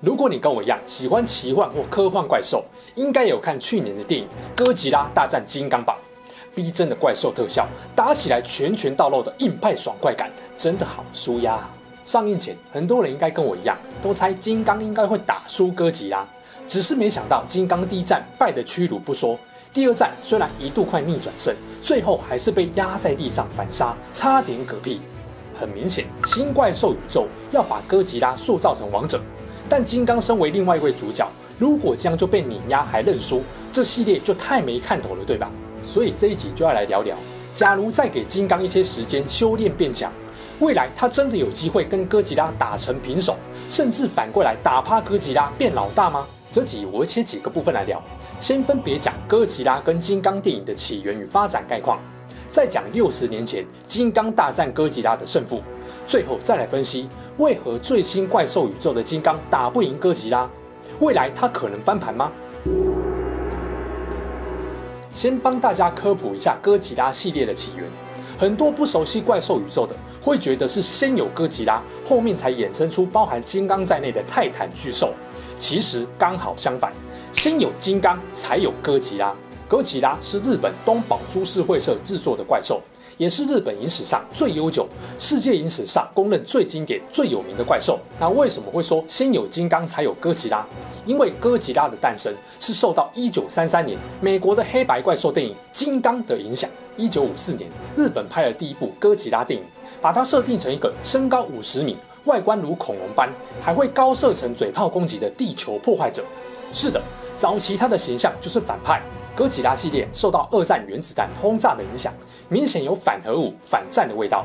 如果你跟我一樣喜歡奇幻或科幻怪獸，應該有看去年的電影《哥吉拉大戰金剛》吧？逼真的怪獸特效，打起來拳拳到肉的硬派爽快感，真的好舒壓。上映前，很多人應該跟我一樣，都猜金剛應該會打輸哥吉拉，只是沒想到金剛第一戰敗得屈辱不說，第二戰雖然一度快逆轉勝，最後還是被壓在地上反殺，差點嗝屁。很明顯，新怪獸宇宙要把哥吉拉塑造成王者。但金剛身為另外一位主角，如果這樣就被碾壓還認輸，這系列就太沒看頭了，對吧？所以這一集就要來聊聊，假如再給金剛一些時間修煉變強，未來他真的有機會跟哥吉拉打成平手，甚至反過來打趴哥吉拉變老大嗎？這集我會切幾個部分來聊，先分別講哥吉拉跟金剛電影的起源與發展概況，再講六十年前金剛大戰哥吉拉的勝負。最後再來分析，為何最新怪獸宇宙的金剛打不贏哥吉拉？未來他可能翻盤嗎？先幫大家科普一下哥吉拉系列的起源，很多不熟悉怪獸宇宙的會覺得是先有哥吉拉，後面才衍生出包含金剛在內的泰坦巨獸。其實剛好相反，先有金剛才有哥吉拉。哥吉拉是日本東寶株式會社製作的怪獸。也是日本影史上最悠久，世界影史上公認最經典、最有名的怪獸。那為什麼會說先有金剛才有哥吉拉？因為哥吉拉的誕生是受到1933年美國的黑白怪獸電影《金剛》的影響。1954年，日本拍了第一部哥吉拉電影，把它設定成一個身高50米、外觀如恐龍般、還會高射程嘴炮攻擊的地球破壞者。是的，早期他的形象就是反派。哥吉拉系列受到二戰原子彈轟炸的影響，明顯有反核武、反戰的味道。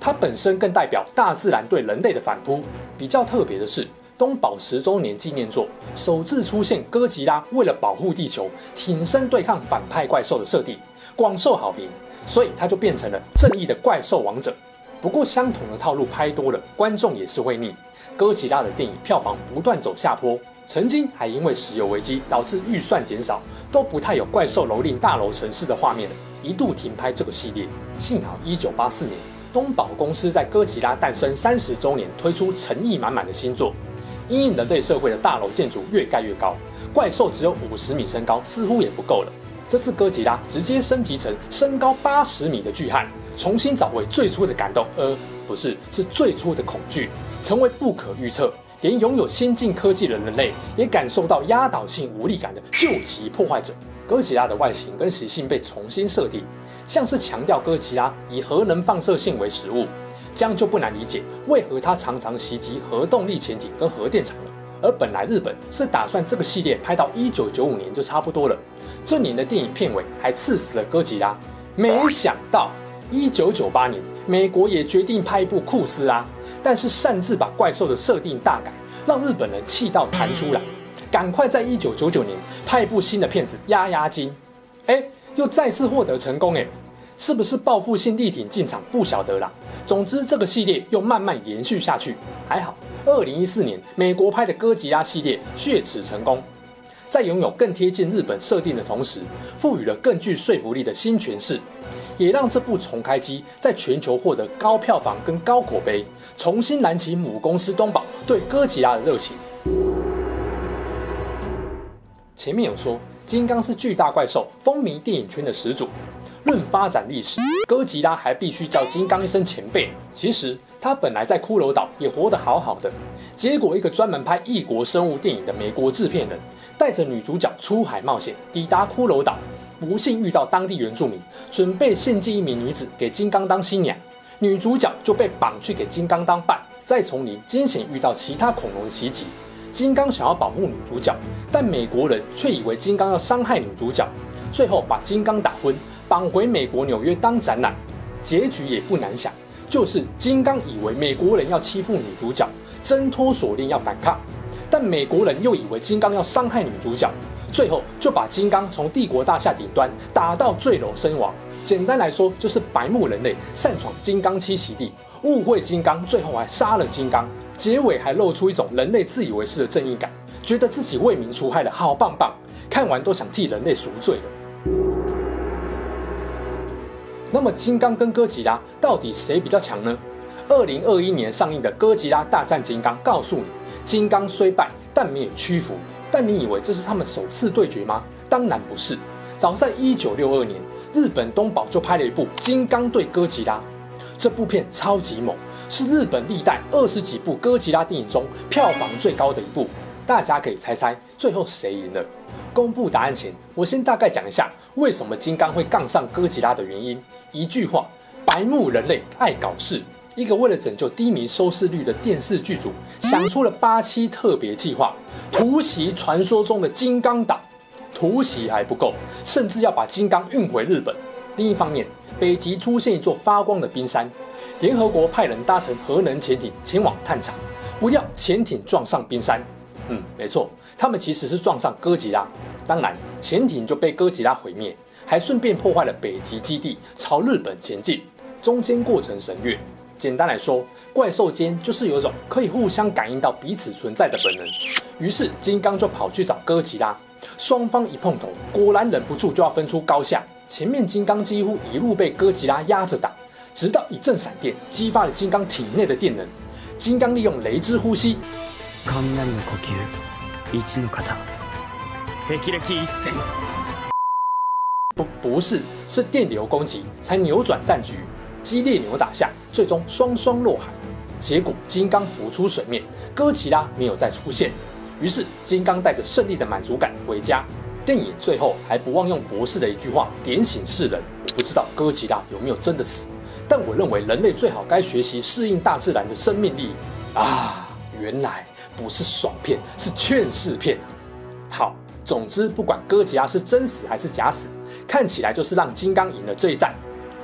它本身更代表大自然對人類的反撲。比較特別的是，東寶十周年紀念作首次出現哥吉拉為了保護地球挺身對抗反派怪獸的設定，廣受好評，所以它就變成了正義的怪獸王者。不過，相同的套路拍多了，觀眾也是會膩。哥吉拉的電影票房不斷走下坡。曾經還因為石油危機導致預算減少，都不太有怪獸蹂躪大樓城市的畫面了，一度停拍這個系列。幸好1984年，東寶公司在哥吉拉誕生三十周年推出誠意滿滿的新作，因應人類社會的大樓建築越蓋越高，怪獸只有五十米身高似乎也不夠了。這次哥吉拉直接升級成身高八十米的巨漢，重新找回最初的感動，呃，不是，是最初的恐懼，成為不可預測，連擁有先進科技的人類也感受到壓倒性無力感的究極破壞者。哥吉拉的外形跟習性被重新設定，像是強調哥吉拉以核能放射性為食物，這樣就不難理解為何它常常襲擊核動力潛艇跟核電廠了。而本來日本是打算這個系列拍到一九九五年就差不多了，這年的電影片尾還刺死了哥吉拉，沒想到一九九八年美國也決定拍一部酷斯拉。但是擅自把怪獸的設定大改，讓日本人氣到彈出來，趕快在一九九九年拍一部新的片子壓壓驚，哎，又再次獲得成功，哎，是不是報復性力挺進場不曉得啦。總之這個系列又慢慢延續下去，還好，二零一四年美國拍的哥吉拉系列雪恥成功。在擁有更貼近日本設定的同時，賦予了更具說服力的新詮釋，也讓這部重開機在全球獲得高票房跟高口碑，重新燃起母公司東寶對哥吉拉的熱情。前面有說，金剛是巨大怪獸，風靡電影圈的始祖。更發展歷史，哥吉拉還必須叫金剛一聲前輩。其實他本來在骷髏島也活得好好的，結果一個專門拍異國生物電影的美國制片人帶着女主角出海冒險，抵達骷髏島，不幸遇到當地原住民，準備獻祭一名女子給金剛當新娘，女主角就被綁去給金剛當伴。在叢林驚險遇到其他恐龍襲擊，金剛想要保護女主角，但美國人卻以為金剛要傷害女主角，最後把金剛打昏，返回美國紐約當展覽，結局也不難想，就是金剛以為美國人要欺負女主角，掙脫鎖鏈要反抗，但美國人又以為金剛要傷害女主角，最後就把金剛從帝國大廈頂端打到墜樓身亡。簡單來說，就是白目人類擅闖金剛棲息地，誤會金剛，最後還殺了金剛，結尾還露出一種人類自以為是的正義感，覺得自己為民除害的好棒棒，看完都想替人類贖罪了。那麼金剛跟哥吉拉到底誰比較強呢？二零二一年上映的《哥吉拉大戰金剛》告訴你，金剛雖敗但沒有屈服。但你以為這是他們首次對決嗎？當然不是。早在一九六二年，日本東寶就拍了一部《金剛對哥吉拉》，這部片超級猛，是日本歷代二十幾部哥吉拉電影中票房最高的一部。大家可以猜猜最後誰贏了？公布答案前，我先大概講一下為什麼金剛會槓上哥吉拉的原因。一句話，白目人類愛搞事。一個為了拯救低迷收視率的電視劇組，想出了八七特別計劃，突襲傳說中的金剛島。突襲還不夠，甚至要把金剛運回日本。另一方面，北極出現一座發光的冰山，聯合國派人搭乘核能潛艇前往探查，不料潛艇撞上冰山。嗯，沒錯，他們其實是撞上哥吉拉，當然，潛艇就被哥吉拉毀滅。還順便破壞了北極基地，朝日本前進。中間過程省略。簡單來說，怪獸間就是有一種可以互相感應到彼此存在的本能。於是金剛就跑去找哥吉拉，雙方一碰頭，果然忍不住就要分出高下。前面金剛幾乎一路被哥吉拉壓着打，直到一陣閃電激發了金剛體內的電能，金剛利用雷之呼吸。不是，是電流攻擊才扭轉戰局。激烈扭打下，最終雙雙落海。結果金剛浮出水面，哥吉拉沒有再出現。於是金剛帶着勝利的滿足感回家。電影最後還不忘用博士的一句話點醒世人：我不知道哥吉拉有沒有真的死，但我認為人類最好該學習適應大自然的生命力。啊，原來不是爽片，是勸世片啊。好。總之，不管哥吉拉是真死還是假死，看起來就是讓金剛贏了這一戰。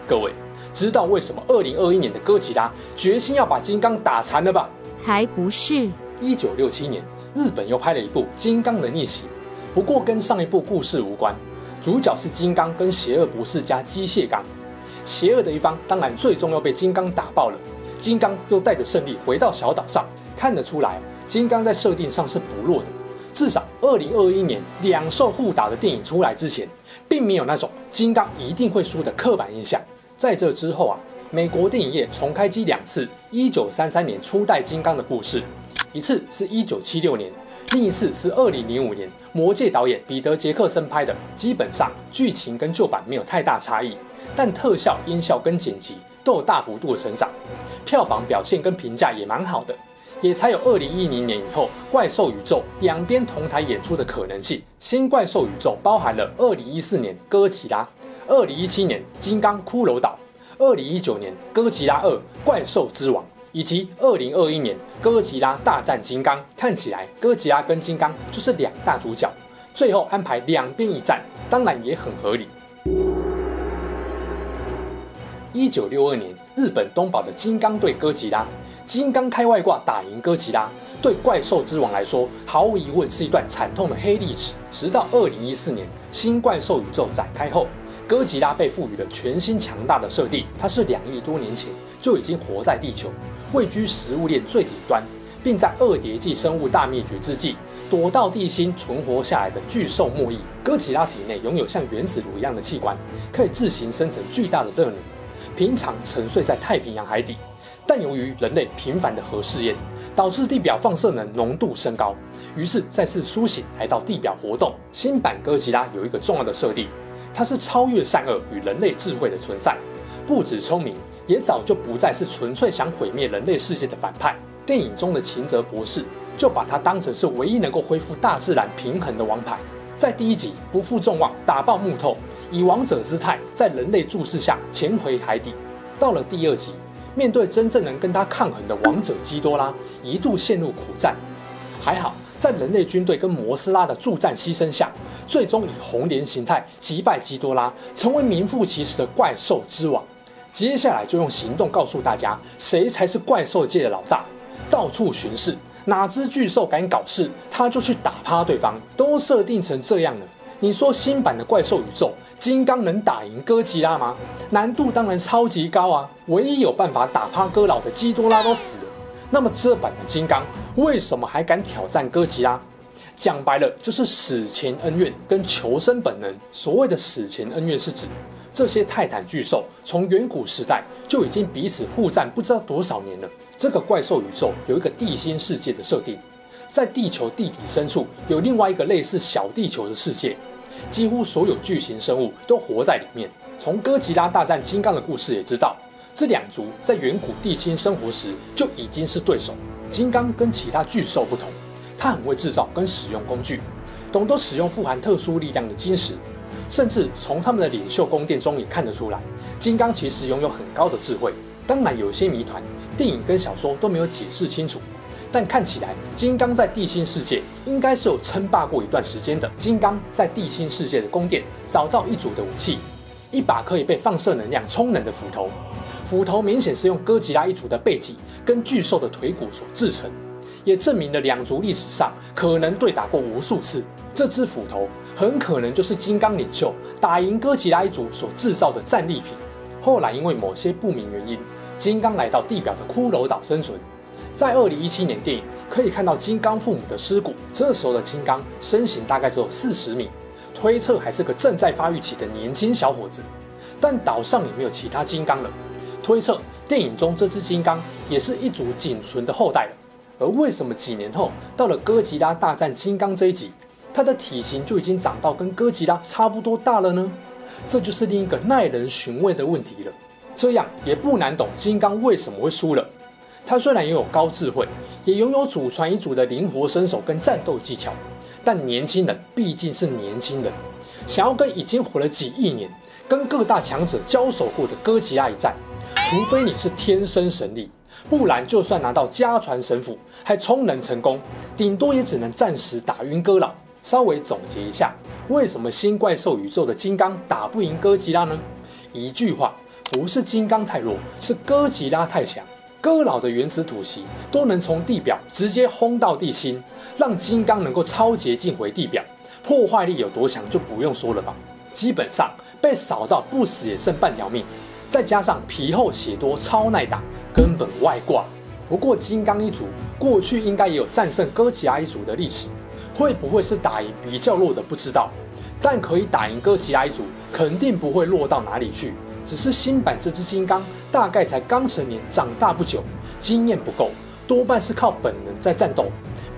各位知道為什麼2021年的哥吉拉決心要把金剛打殘了吧？才不是。1967年，日本又拍了一部《金剛的逆襲》，不過跟上一部故事無關，主角是金剛跟邪惡博士加機械鋼。邪惡的一方當然最終又被金剛打爆了，金剛又帶着勝利回到小島上。看得出來，金剛在設定上是不弱的，至少。二零二一年兩獸互打的電影出來之前，並沒有那種金剛一定會輸的刻板印象。在這之後啊，美國電影業重開機兩次：一九三三年初代金剛的故事，一次是一九七六年，另一次是二零零五年，魔戒導演彼得·傑克森拍的。基本上劇情跟舊版沒有太大差異，但特效、音效跟剪輯都有大幅度的成長，票房表現跟評價也蠻好的。也才有二零一零年以後怪獸宇宙兩邊同台演出的可能性。新怪獸宇宙包含了二零一四年哥吉拉、二零一七年金剛骷髏島、二零一九年哥吉拉二怪獸之王，以及二零二一年哥吉拉大戰金剛。看起來哥吉拉跟金剛就是兩大主角，最後安排兩邊一戰，當然也很合理。一九六二年，日本東寶的《金剛對哥吉拉》。金剛開外掛打贏哥吉拉，對怪獸之王來說，毫無疑問是一段慘痛的黑歷史。直到二零一四年新怪獸宇宙展開後，哥吉拉被賦予了全新強大的設定。它是兩億多年前就已經活在地球，位居食物鏈最頂端，並在二疊紀生物大滅絕之際躲到地心存活下來的巨獸末裔。哥吉拉體內擁有像原子爐一樣的器官，可以自行生成巨大的熱能，平常沉睡在太平洋海底。但由於人類頻繁的核試驗，導致地表放射能濃度升高，於是再次甦醒來到地表活動。新版哥吉拉有一個重要的設定，它是超越善惡與人類智慧的存在，不止聰明，也早就不再是純粹想毀滅人類世界的反派。電影中的芹澤博士就把它當成是唯一能夠恢復大自然平衡的王牌。在第一集不負眾望打爆穆透，以王者姿態在人類注視下潛回海底。到了第二集。面對真正能跟他抗衡的王者基多拉，一度陷入苦戰。還好，在人類軍隊跟摩斯拉的助戰犧牲下，最終以紅蓮形態擊敗基多拉，成為名副其實的怪獸之王。接下來就用行動告訴大家，誰才是怪獸界的老大。到處巡視，哪隻巨獸敢搞事，他就去打趴對方，都設定成這樣了。你說新版的怪獸宇宙金剛能打贏哥吉拉嗎？難度當然超級高啊！唯一有辦法打趴哥老的基多拉都死了，那麼這版的金剛為什麼還敢挑戰哥吉拉？講白了就是史前恩怨跟求生本能。所謂的史前恩怨是指這些泰坦巨獸從遠古時代就已經彼此互戰不知道多少年了。這個怪獸宇宙有一個地心世界的設定，在地球地底深處有另外一個類似小地球的世界。幾乎所有巨型生物都活在裡面。從《哥吉拉大戰金剛》的故事也知道，這兩族在遠古地心生活時就已經是對手。金剛跟其他巨獸不同，他很會製造跟使用工具，懂得使用富含特殊力量的晶石，甚至從他們的領袖宮殿中也看得出來，金剛其實擁有很高的智慧。當然，有些謎團電影跟小說都沒有解釋清楚。但看起來，金剛在地心世界應該是有稱霸過一段時間的。金剛在地心世界的宮殿找到一族的武器，一把可以被放射能量充能的斧頭。斧頭明顯是用哥吉拉一族的背脊跟巨獸的腿骨所制成，也證明了兩族歷史上可能對打過無數次。這支斧頭很可能就是金剛領袖打贏哥吉拉一族所製造的戰利品。後來因為某些不明原因，金剛來到地表的骷髏島生存。在二零一七年電影可以看到金剛父母的屍骨，這時候的金剛身形大概只有四十米，推測還是個正在發育期的年輕小夥子。但島上也沒有其他金剛了，推測電影中這隻金剛也是一組僅存的後代了。而為什麼幾年後到了哥吉拉大戰金剛這一集，它的體型就已經長到跟哥吉拉差不多大了呢？這就是另一個耐人尋味的問題了。這樣也不難懂，金剛為什麼會輸了。他雖然擁有高智慧，也擁有祖傳一族的靈活身手跟戰鬥技巧，但年輕人畢竟是年輕人，想要跟已經活了幾億年、跟各大強者交手過的哥吉拉一戰，除非你是天生神力，不然就算拿到家傳神斧，還充能成功，頂多也只能暫時打暈哥老。稍微總結一下，為什麼新怪獸宇宙的金剛打不贏哥吉拉呢？一句話，不是金剛太弱，是哥吉拉太強。哥老的原始吐息都能從地表直接轟到地心，讓金剛能夠抄捷徑回地表，破壞力有多強就不用說了吧。基本上被掃到不死也剩半條命，再加上皮厚血多超耐打，根本外掛。不過金剛一族過去應該也有戰勝哥吉拉一族的歷史，會不會是打贏比較弱的不知道，但可以打贏哥吉拉一族，肯定不會弱到哪裡去。只是新版這隻金剛大概才剛成年，長大不久，經驗不夠，多半是靠本能在戰鬥，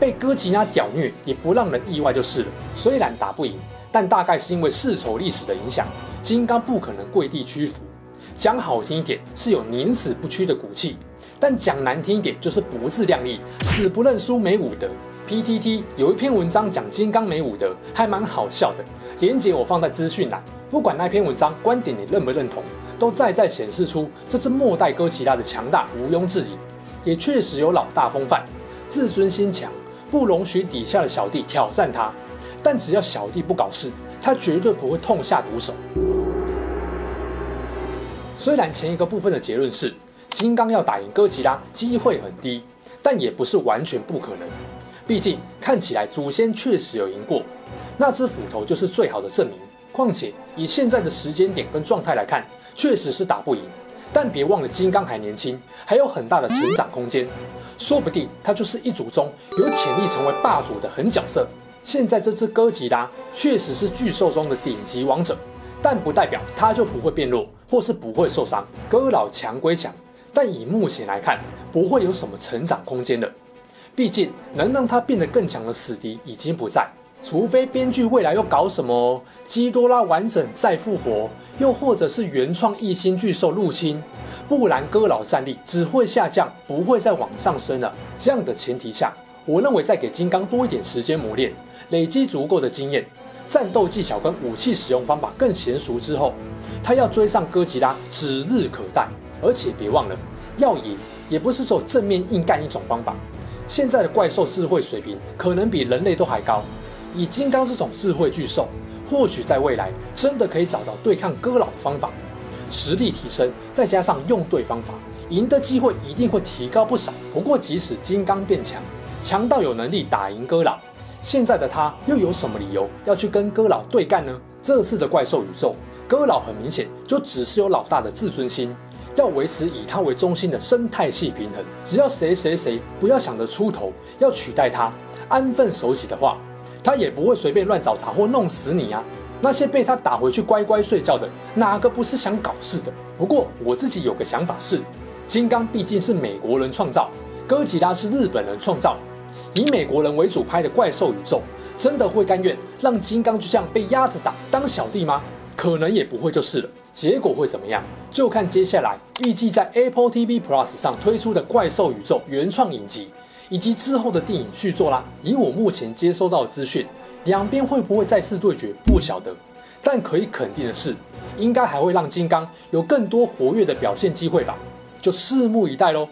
被哥吉拉屌虐也不讓人意外就是了。雖然打不贏，但大概是因為世仇歷史的影響，金剛不可能跪地屈服。講好聽一點是有寧死不屈的骨氣，但講難聽一點就是不自量力，死不認輸沒武德。PTT 有一篇文章講金剛沒武德，還蠻好笑的，連結我放在資訊欄。不管那篇文章觀點你認不認同。都在在顯示出這隻末代哥吉拉的強大毋庸置疑，也確實有老大風範，自尊心強，不容許底下的小弟挑戰他。但只要小弟不搞事，他絕對不會痛下毒手。雖然前一個部分的結論是金剛要打贏哥吉拉機會很低，但也不是完全不可能。畢竟看起來祖先確實有贏過，那只斧頭就是最好的證明。況且，以現在的時間點跟狀態來看，確實是打不贏。但別忘了，金剛還年輕，還有很大的成長空間，說不定他就是一族中有潛力成為霸主的狠角色。現在這只哥吉拉確實是巨獸中的頂級王者，但不代表他就不會變弱或是不會受傷。哥老強歸強，但以目前來看，不會有什麼成長空間了。畢竟能讓他變得更強的死敵已經不在。除非編劇未來又搞什麼基多拉完整再復活，又或者是原創異星巨獸入侵，不然哥老戰力只會下降，不會再往上升了。這樣的前提下，我認為再給金剛多一點時間磨練，累積足夠的經驗，戰鬥技巧跟武器使用方法更嫻熟之後，他要追上哥吉拉指日可待。而且別忘了，要贏也不是說正面硬幹一種方法。現在的怪獸智慧水平可能比人類都還高。以金剛這種智慧巨獸，或許在未來真的可以找到對抗哥老的方法。實力提升，再加上用對方法，贏的機會一定會提高不少。不過，即使金剛變強，強到有能力打贏哥老，現在的他又有什麼理由要去跟哥老對幹呢？這次的怪獸宇宙，哥老很明顯就只是有老大的自尊心，要維持以他為中心的生態系平衡。只要誰誰誰不要想着出頭，要取代他，安分守己的話。他也不會隨便亂找茬或弄死你啊！那些被他打回去乖乖睡覺的，哪個不是想搞事的？不過我自己有個想法是，金剛畢竟是美國人創造，哥吉拉是日本人創造，以美國人為主拍的怪獸宇宙，真的會甘願讓金剛就像被壓著打當小弟嗎？可能也不會，就是了。結果會怎麼樣，就看接下來預計在 Apple TV Plus 上推出的怪獸宇宙原創影集。以及之後的電影續作啦，以我目前接收到的資訊，兩邊會不會再次對決不曉得，但可以肯定的是，應該還會讓金剛有更多活躍的表現機會吧，就拭目以待嘍。